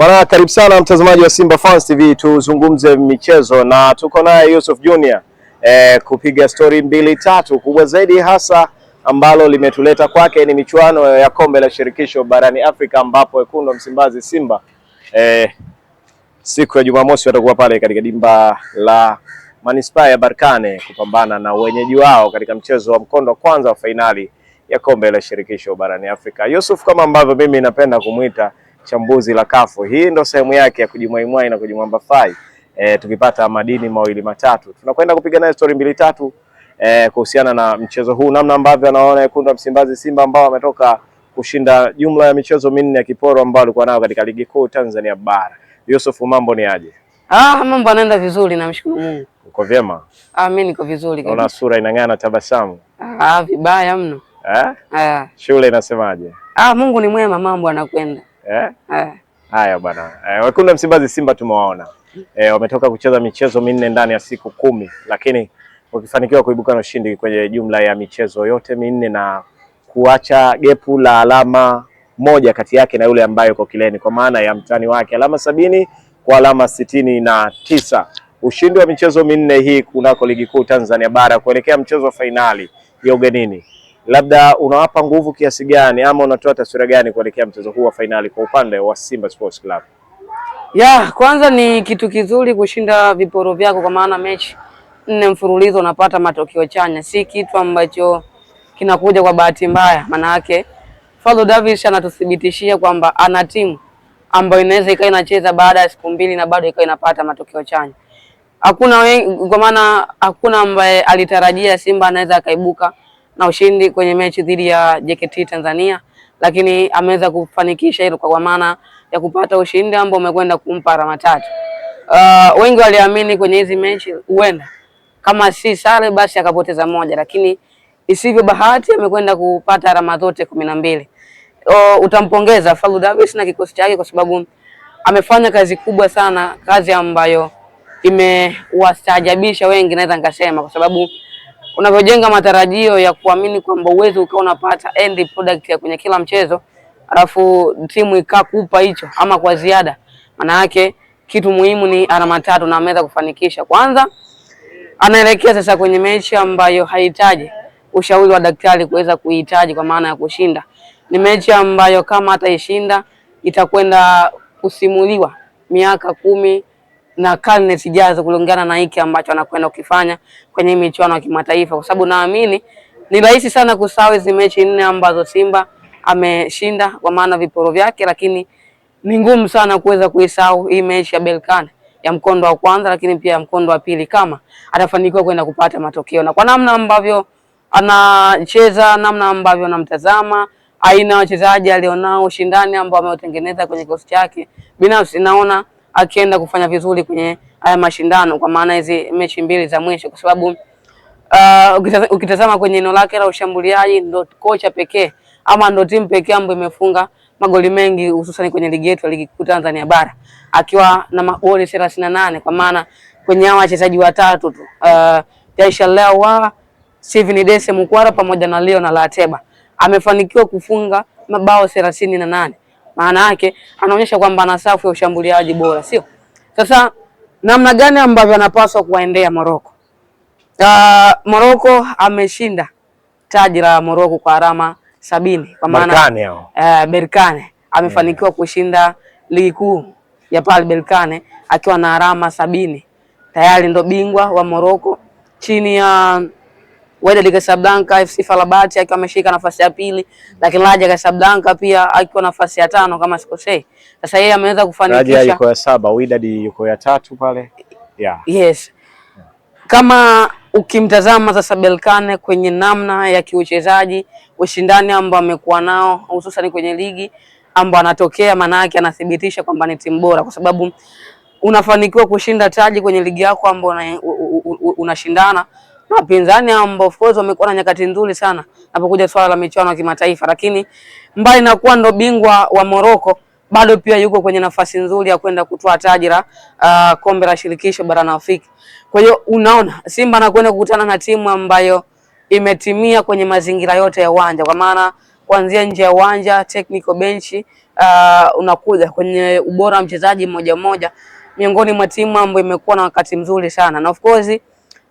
Bwana, karibu sana mtazamaji wa Simba Fans TV, tuzungumze michezo na tuko naye Yusuf Junior e, kupiga stori mbili tatu. Kubwa zaidi hasa ambalo limetuleta kwake ni michuano ya kombe la shirikisho barani Afrika, ambapo wekundu wa Msimbazi Simba e, siku ya Jumamosi watakuwa pale katika dimba la manispaa ya Barkane kupambana na wenyeji wao katika mchezo wa mkondo wa kwanza wa fainali ya kombe la shirikisho barani Afrika. Yusuf, kama ambavyo mimi napenda kumwita chambuzi la kafu. Hii ndo sehemu yake ya kujimwaimwai na kujimwambafai. E, tukipata madini mawili matatu tunakwenda kupiga naye stori mbili tatu e, kuhusiana na mchezo huu, namna ambavyo anaona wekundu wa Msimbazi Simba ambao wametoka kushinda jumla ya michezo minne ya kiporo ambao alikuwa nayo katika ligi kuu Tanzania bara. Yusuf, mambo ni aje? Ah, mambo anaenda vizuri, namshukuru Mungu. Uko vyema? Ah, mimi niko vizuri kabisa. Una sura inang'aa na tabasamu. Ah, vibaya mno. Eh? Ah. Shule inasemaje? Ah, Mungu ni mwema, mambo anakwenda eh? Eh. Haya bwana eh, Wekundu Msimbazi Simba tumewaona eh, wametoka kucheza michezo minne ndani ya siku kumi, lakini wakifanikiwa kuibuka na ushindi kwenye jumla ya michezo yote minne na kuacha gepu la alama moja kati yake na yule ambaye yuko kileni kwa maana ya mtani wake alama sabini kwa alama sitini na tisa. Ushindi wa michezo minne hii kunako ligi kuu Tanzania bara kuelekea mchezo wa fainali ya ugenini labda unawapa nguvu kiasi gani ama unatoa taswira gani kuelekea mchezo huu wa fainali kwa upande wa Simba Sports Club? Ya kwanza ni kitu kizuri kushinda viporo vyako, kwa maana mechi nne mfululizo unapata matokeo chanya, si kitu ambacho kinakuja kwa bahati mbaya. Maana yake Fadlu Davis anatuthibitishia kwamba ana timu ambayo inaweza ikawa inacheza baada ya siku mbili na bado ikawa inapata matokeo chanya. Hakuna kwa maana hakuna ambaye alitarajia Simba anaweza akaibuka na ushindi kwenye mechi dhidi ya JKT Tanzania, lakini ameweza kufanikisha hilo kwa maana ya kupata ushindi ambao umekwenda kumpa alama tatu. Uh, wengi waliamini kwenye hizi mechi huenda kama si sare basi akapoteza moja, lakini isivyo bahati amekwenda kupata alama zote kumi na mbili. Uh, utampongeza Falu Davis na kikosi chake kwa sababu amefanya kazi kubwa sana, kazi ambayo imewastaajabisha wengi, naweza nikasema kwa sababu unavyojenga matarajio ya kuamini kwamba uwezi ukawa unapata end product ya kwenye kila mchezo, alafu timu ikakupa hicho ama kwa ziada. Maana yake kitu muhimu ni alama tatu na ameweza kufanikisha. Kwanza anaelekea sasa kwenye mechi ambayo hahitaji ushauri wa daktari kuweza kuihitaji kwa maana ya kushinda. Ni mechi ambayo kama ataishinda itakwenda kusimuliwa miaka kumi na karne zijazo kulingana na hiki ambacho anakwenda kukifanya kwenye michuano ya kimataifa, kwa sababu naamini ni rahisi sana kusahau hizi mechi nne ambazo Simba ameshinda kwa maana viporo vyake, lakini ni ngumu sana kuweza kuisahau hii mechi ya Berkane ya mkondo wa kwanza, lakini pia ya mkondo wa pili, kama atafanikiwa kwenda kupata matokeo na kwa namna ambavyo anacheza, namna ambavyo anamtazama aina ya wachezaji alionao, ushindani ambao ameutengeneza kwenye kikosi chake, binafsi naona akienda kufanya vizuri kwenye haya mashindano, kwa maana hizi mechi mbili za mwisho, kwa sababu uh, ukitazama kwenye eneo lake la ushambuliaji ndo kocha pekee ama ndo timu pekee ambayo imefunga magoli mengi hususan kwenye ligi yetu ya ligi kuu Tanzania bara akiwa na magoli thelathini na nane kwa maana kwenye hawa wachezaji watatu tu uh, Jaisha Lewa, Steven Dese Mukwara pamoja na na Lateba amefanikiwa kufunga mabao 38 na nane maana yake anaonyesha kwamba ana safu ya ushambuliaji bora, sio? Sasa namna gani ambavyo anapaswa kuwaendea Morocco? Uh, Morocco ameshinda taji la Morocco kwa alama sabini kwa maana Berkane, uh, Berkane amefanikiwa yeah, mm. kushinda ligi kuu ya pale Berkane akiwa na alama sabini tayari ndo bingwa wa Morocco chini ya uh, Wydad Casablanca, FC Falabati akiwa ameshika nafasi ya pili, lakini Raja Casablanca pia akiwa nafasi ya tano kama sikosei. Sasa yeye ameweza kufanikisha. Raja yuko ya saba, Wydad yuko ya tatu pale. Yeah. Yes. Kama ukimtazama sasa Belkane kwenye namna ya kiuchezaji, ushindani ambao amekuwa nao hususan kwenye ligi ambao anatokea, maana yake anathibitisha kwamba ni timu bora kwa sababu unafanikiwa kushinda taji kwenye ligi yako ambayo unashindana una na wapinzani ambao of course wamekuwa na nyakati nzuri sana napokuja swala la michuano ya kimataifa, lakini mbali na kuwa ndo bingwa wa Morocco bado pia yuko kwenye nafasi nzuri ya kwenda kutoa taji la uh, kombe la shirikisho barani Afrika. Kwa hiyo unaona Simba anakwenda kukutana na timu ambayo imetimia kwenye mazingira yote ya uwanja, kwa maana kuanzia nje ya uwanja, technical bench, uh, unakuja kwenye ubora wa mchezaji mmoja mmoja, miongoni mwa timu ambayo imekuwa na wakati mzuri sana na of course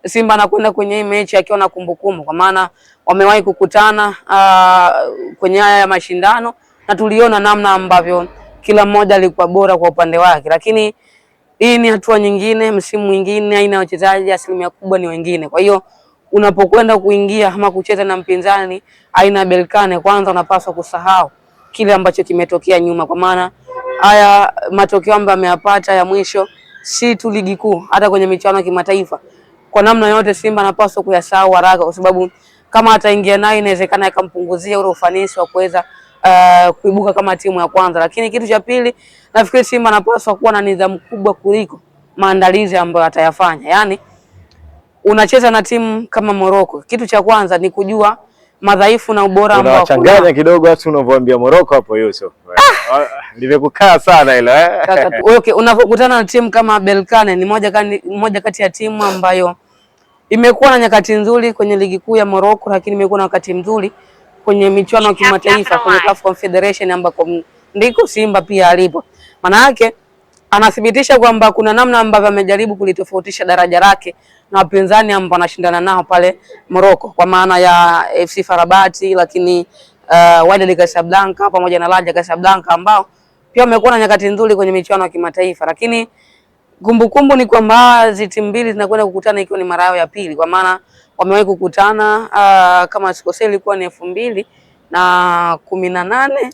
Simba anakwenda kwenye hii mechi akiwa na kumbukumbu, kwa maana wamewahi kukutana uh, kwenye haya ya mashindano na tuliona namna ambavyo kila mmoja alikuwa bora kwa upande wake, lakini hii ni hatua nyingine, msimu mwingine, aina ya wachezaji asilimia kubwa ni wengine. Kwa hiyo unapokwenda kuingia ama kucheza na mpinzani aina ya Berkane, kwanza unapaswa kusahau kile ambacho kimetokea nyuma, kwa maana haya matokeo ambayo ameyapata ya mwisho si tu ligi kuu, hata kwenye michuano ya kimataifa kwa namna yote Simba anapaswa kuyasahau haraka, kwa sababu kama ataingia nayo inawezekana akampunguzia ule ufanisi wa kuweza uh, kuibuka kama timu ya kwanza. Lakini kitu cha pili, nafikiri Simba anapaswa kuwa na nidhamu kubwa kuliko maandalizi ambayo atayafanya. Yani unacheza na timu kama Morocco, kitu cha kwanza ni kujua madhaifu na ubora ambao unachanganya kidogo, hata unavyoambia Morocco hapo Yusuf. Ah! Limekukaa sana hilo eh. okay, unapokutana na timu kama Belkane ni moja kani, moja kati ya timu ambayo imekuwa na nyakati nzuri kwenye ligi kuu ya Morocco, lakini imekuwa na wakati mzuri kwenye michuano ya kimataifa kwenye CAF Confederation ambako ndiko Simba pia alipo. Maana yake anathibitisha kwamba kuna namna ambavyo amejaribu kulitofautisha daraja lake na wapinzani ambao anashindana nao pale Morocco, kwa maana ya FC Farabati, lakini uh, eh, Wydad Casablanca pamoja na Raja Casablanca ambao pia wamekuwa na nyakati nzuri kwenye michuano ya kimataifa, lakini kumbukumbu kumbu ni kwamba hizi timu mbili zinakwenda kukutana ikiwa ni mara yao ya pili, kwa maana wamewahi kukutana uh, kama sikosei ilikuwa ni elfu mbili na kumi na nane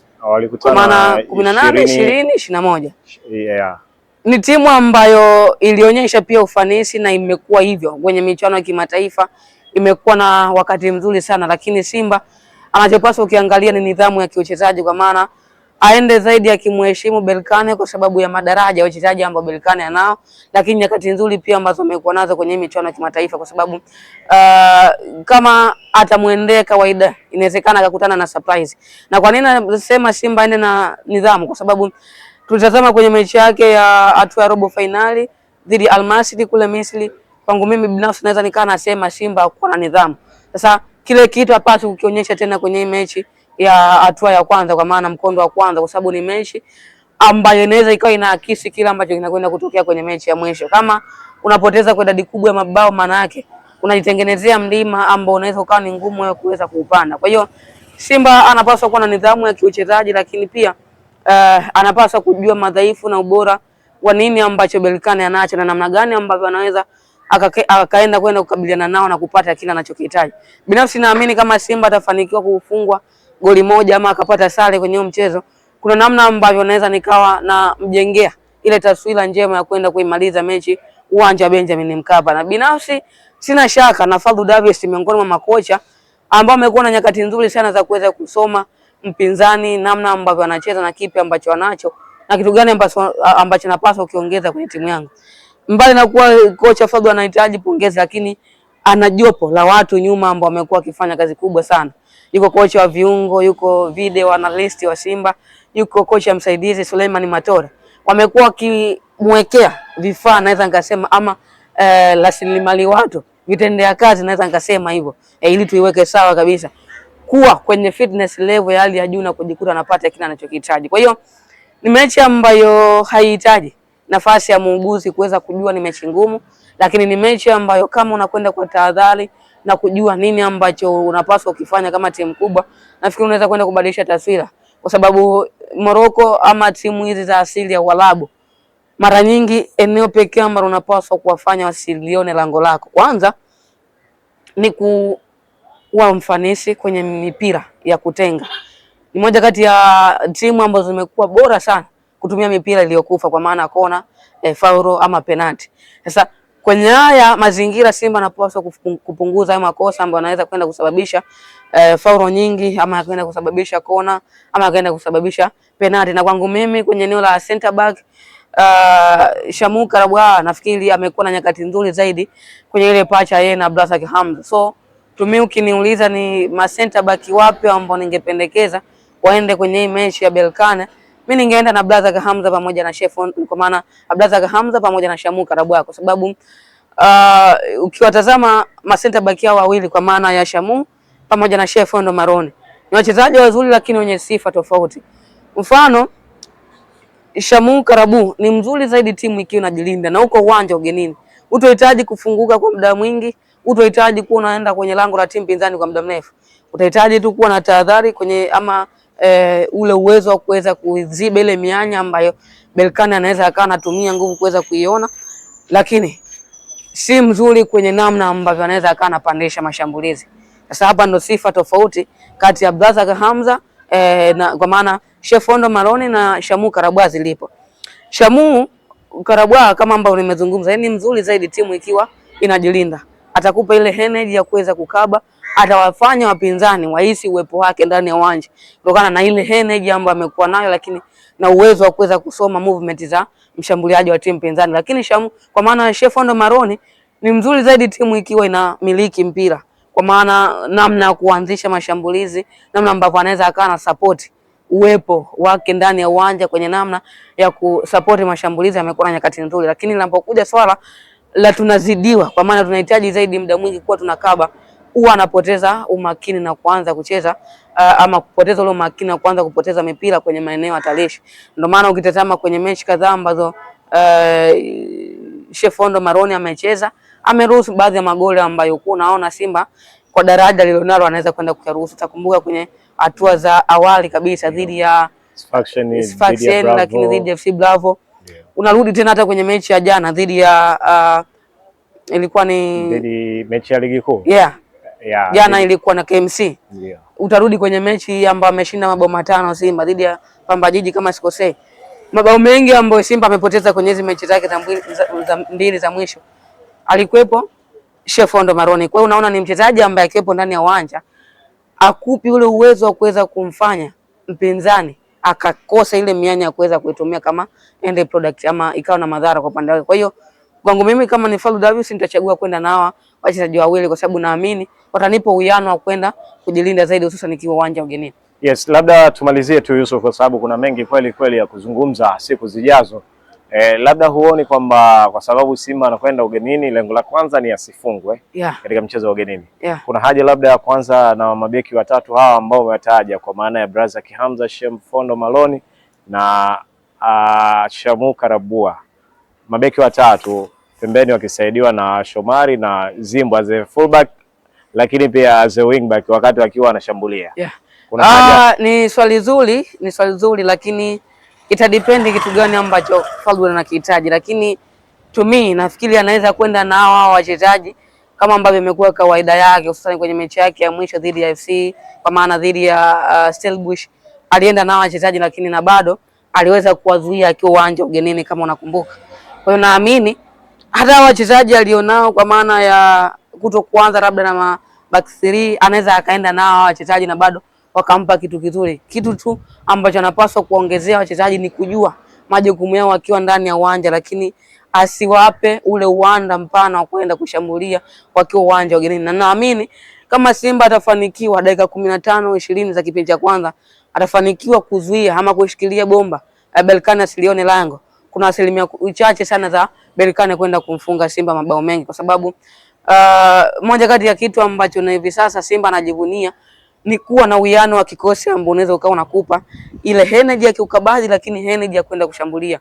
kwa maana kumi na nane ishirini ishirini na moja yeah. Ni timu ambayo ilionyesha pia ufanisi na imekuwa hivyo kwenye michuano ya kimataifa, imekuwa na wakati mzuri sana, lakini Simba anachopaswa ukiangalia ni nidhamu ya kiuchezaji, kwa maana aende zaidi akimheshimu Belkane kwa sababu ya madaraja ya wachezaji ambao Belkane anao, lakini nyakati nzuri pia ambazo amekuwa nazo kwenye michuano ya kimataifa, kwa sababu uh, kama atamwendea kawaida inawezekana akakutana na surprise. Na kwa nini nasema Simba aende na nidhamu? Kwa sababu tulitazama kwenye mechi yake ya hatua ya robo fainali dhidi ya kule Misri, kwangu mimi binafsi naweza nikaa nasema Simba hakuwa na nidhamu. Sasa kile kitu hapaswi kukionyesha tena kwenye mechi ya hatua ya kwanza, kwa maana mkondo wa kwanza, kwa sababu ni mechi ambayo inaweza ikawa inaakisi kile ambacho kinakwenda kutokea kwenye mechi ya mwisho. Kama unapoteza kwa idadi kubwa ya mabao, maana yake unajitengenezea mlima ambao unaweza ukawa ni ngumu wewe kuweza kuupanda. Kwa hiyo Simba anapaswa kuwa na nidhamu ya kiuchezaji, lakini pia uh, anapaswa kujua madhaifu na ubora wa nini ambacho Berkane anacho na namna gani ambavyo anaweza akaenda kwenda kukabiliana nao na kupata kila anachokihitaji. Binafsi naamini kama Simba atafanikiwa kufungwa goli moja ama akapata sare kwenye huo mchezo, kuna namna ambavyo naweza nikawa na mjengea ile taswira njema ya kwenda kuimaliza mechi uwanja wa Benjamin Mkapa. Na binafsi sina shaka na Fadlu Davis miongoni mwa makocha ambao amekuwa na nyakati nzuri sana za kuweza kusoma mpinzani, namna ambavyo anacheza na kipi ambacho anacho na kitu gani ambacho anapaswa kukiongeza kwenye timu yangu mbali na kuwa kocha Fadlu anahitaji pongezi, lakini ana jopo la watu nyuma ambao wamekuwa wakifanya kazi kubwa sana. Yuko kocha wa viungo, yuko video analyst wa Simba, yuko kocha msaidizi Suleiman Matora. Wamekuwa wakimwekea vifaa, naweza nikasema ama eh, rasilimali eh, watu vitendea kazi, naweza nikasema hivyo eh, ili tuiweke sawa kabisa, kuwa kwenye fitness level ya hali ya juu na kujikuta anapata kile anachokihitaji. Kwa hiyo ni mechi ambayo haihitaji nafasi ya muuguzi kuweza kujua ni mechi ngumu, lakini ni mechi ambayo kama unakwenda kwa tahadhari na kujua nini ambacho unapaswa ukifanya kama timu kubwa, nafikiri unaweza kwenda kubadilisha taswira, kwa sababu Moroko ama timu hizi za asili ya Uarabu mara nyingi eneo pekee ambalo unapaswa kuwafanya wasilione lango lako kwanza ni kuwa mfanisi kwenye mipira ya kutenga. Ni moja kati ya timu ambazo zimekuwa bora sana kutumia mipira iliyokufa kwa maana kona, e, faulo ama penati. Sasa kwenye haya mazingira Simba anapaswa kupunguza haya makosa ambayo anaweza kwenda kusababisha e, eh, faulo nyingi ama kwenda kusababisha kona ama kwenda kusababisha penati. Na kwangu mimi kwenye eneo la center back Uh, Shamuka Rabwa nafikiri amekuwa na nyakati nzuri zaidi kwenye ile pacha yeye na Blasak Hamza. So tumi ukiniuliza ni ma center back wapi ambao ningependekeza waende kwenye hii mechi ya Belkane mi ningeenda na brother Kahamza pamoja na Chef kwa maana brother Kahamza pamoja na Shamu Karabwa kwa sababu uh, ukiwatazama ma center back yao wawili kwa maana ya Shamu pamoja na Chef Ondo Marone ni wachezaji wazuri lakini wenye sifa tofauti. Mfano Shamu Karabu ni mzuri zaidi timu ikiwa inajilinda na uko uwanja ugenini. Utahitaji kufunguka kwa muda mwingi, utahitaji kuwa unaenda kwenye lango la timu pinzani kwa muda mrefu. Utahitaji tu kuwa na tahadhari kwenye ama e, ule uwezo wa kuweza kuziba ile mianya ambayo Berkane anaweza akawa anatumia nguvu kuweza kuiona, lakini si mzuri kwenye namna ambavyo anaweza akawa anapandisha mashambulizi. Sasa hapa ndo sifa tofauti kati ya Abdalla Hamza e, na, kwa maana Shefondo Maroni na Shamu Karabwa zilipo. Shamu Karabwa kama ambavyo nimezungumza, yani mzuri zaidi timu ikiwa inajilinda, atakupa ile energy ya kuweza kukaba atawafanya wapinzani wahisi uwepo wake ndani ya uwanja kutokana na ile energy ambayo amekuwa nayo, lakini na uwezo wa kuweza kusoma movement za mshambuliaji wa timu pinzani. Lakini shamu, kwa maana ya Shefondo Maroni ni mzuri zaidi timu ikiwa inamiliki mpira, kwa maana namna ya kuanzisha mashambulizi, namna ambavyo anaweza akawa na support uwepo wake ndani ya uwanja kwenye namna ya kusupport mashambulizi, amekuwa na nyakati nzuri, lakini linapokuja swala la tunazidiwa, kwa maana tunahitaji zaidi muda mwingi kuwa tunakaba huwa anapoteza umakini na kuanza kucheza uh, ama kupoteza ule umakini na kuanza kupoteza mipira kwenye maeneo hatarishi. Ndio maana ukitazama kwenye mechi kadhaa ambazo uh, Shefondo Maroni amecheza, ameruhusu baadhi ya magoli ambayo kwa unaona Simba kwa daraja lilionalo anaweza kwenda kuyaruhusu. Takumbuka kwenye hatua za awali kabisa dhidi ya Sfaxien, lakini dhidi ya FC Bravo yeah. Unarudi tena hata kwenye mechi ya jana dhidi ya uh, ilikuwa ni dhidi mechi ya ligi kuu yeah yeah, jana yeah. ilikuwa na KMC yeah. utarudi kwenye mechi hii ambayo ameshinda mabao matano Simba dhidi ya Pamba Jiji kama sikosei, mabao mengi ambayo Simba amepoteza kwenye hizo mechi zake za mbili za mwisho alikuwepo Ondo Maroni. Kwa hiyo unaona ni mchezaji ambaye akiwepo ndani ya uwanja akupi ule uwezo wa kuweza kumfanya mpinzani akakosa ile mianya ya kuweza kuitumia kama end product ama ikawa na madhara kwa upande wake. Kwa hiyo kwangu mimi kama ni Fadlu Davids nitachagua kwenda na hawa wachezaji wawili kwa sababu naamini watanipa uwiano wa kwenda kujilinda zaidi, hususan nikiwa uwanja ugenini. Yes, labda tumalizie tu Yusuf, kwa sababu kuna mengi kweli kweli ya kuzungumza siku zijazo. E, labda huoni kwamba kwa sababu Simba anakwenda ugenini, lengo la kwanza ni asifungwe yeah, katika mchezo wa ugenini yeah, kuna haja labda ya kwanza na mabeki watatu hawa ambao umewataja kwa maana ya Braza Kihamza, Shem Fondo Maloni na uh, Shamu Karabua, mabeki watatu pembeni wakisaidiwa na Shomari na Zimbwa as fullback lakini pia as a wing back wakati akiwa anashambulia yeah. Ah, ni swali zuri, ni swali zuri, lakini itadipendi kitu gani ambacho Falguni anakihitaji, lakini to me nafikiri anaweza kwenda na hao wachezaji kama ambavyo imekuwa kawaida yake, hususani kwenye mechi yake ya mwisho dhidi ya FC kwa maana dhidi ya uh, Stellenbosch alienda na wachezaji, lakini na bado aliweza kuwazuia akiwa uwanja ugenini, kama unakumbuka. Kwa hiyo naamini hata wachezaji alionao kwa maana ya kuto kuanza labda na mabaki three, anaweza akaenda na hawa wachezaji na bado wakampa kitu kizuri. Kitu tu ambacho anapaswa kuongezea wachezaji ni kujua majukumu yao wakiwa ndani ya uwanja, lakini asiwape ule uwanda mpana wa kwenda kushambulia wakiwa uwanja wageni. na naamini kama Simba atafanikiwa dakika kumi na tano ishirini za kipindi cha kwanza atafanikiwa kuzuia ama kushikilia bomba la Berkane asilione lango, kuna asilimia chache sana za Berkane kwenda kumfunga Simba mabao mengi, kwa sababu Uh, moja kati ya kitu ambacho na hivi sasa Simba anajivunia ni kuwa na uwiano wa kikosi ambao unaweza ukawa unakupa ile energy ya kiukabadhi, lakini energy ya kwenda kushambulia.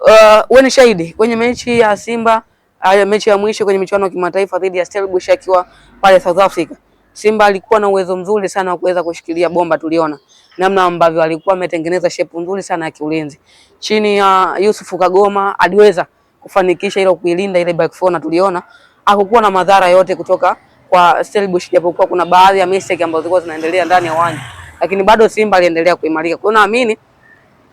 Uh, wewe ni shahidi kwenye mechi ya Simba uh, mechi ya mwisho kwenye michuano ya kimataifa dhidi ya Stellenbosch akiwa pale South Africa. Simba alikuwa na uwezo mzuri sana wa kuweza kushikilia bomba, tuliona namna ambavyo alikuwa ametengeneza shape nzuri sana ya kiulinzi chini ya uh, Yusuf Kagoma aliweza kufanikisha ile kuilinda ile back four na tuliona hakukuwa na madhara yote kutoka kwa Stellenbosch, japokuwa kuna baadhi ya mistake ambazo zilikuwa zinaendelea ndani ya uwanja, lakini bado Simba aliendelea kuimarika. Kwa hiyo naamini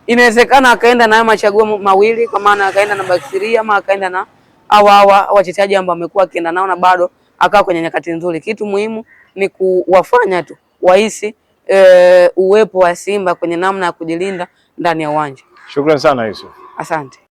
inawezekana akaenda na machaguo mawili, kwa maana akaenda na Bakisiria ama akaenda na hawa hawa wachezaji ambao amekuwa akienda nao na bado akawa kwenye nyakati nzuri. Kitu muhimu ni kuwafanya tu wahisi e, uwepo wa Simba kwenye namna ya kujilinda ndani ya uwanja. Shukrani sana Yusuf. Asante.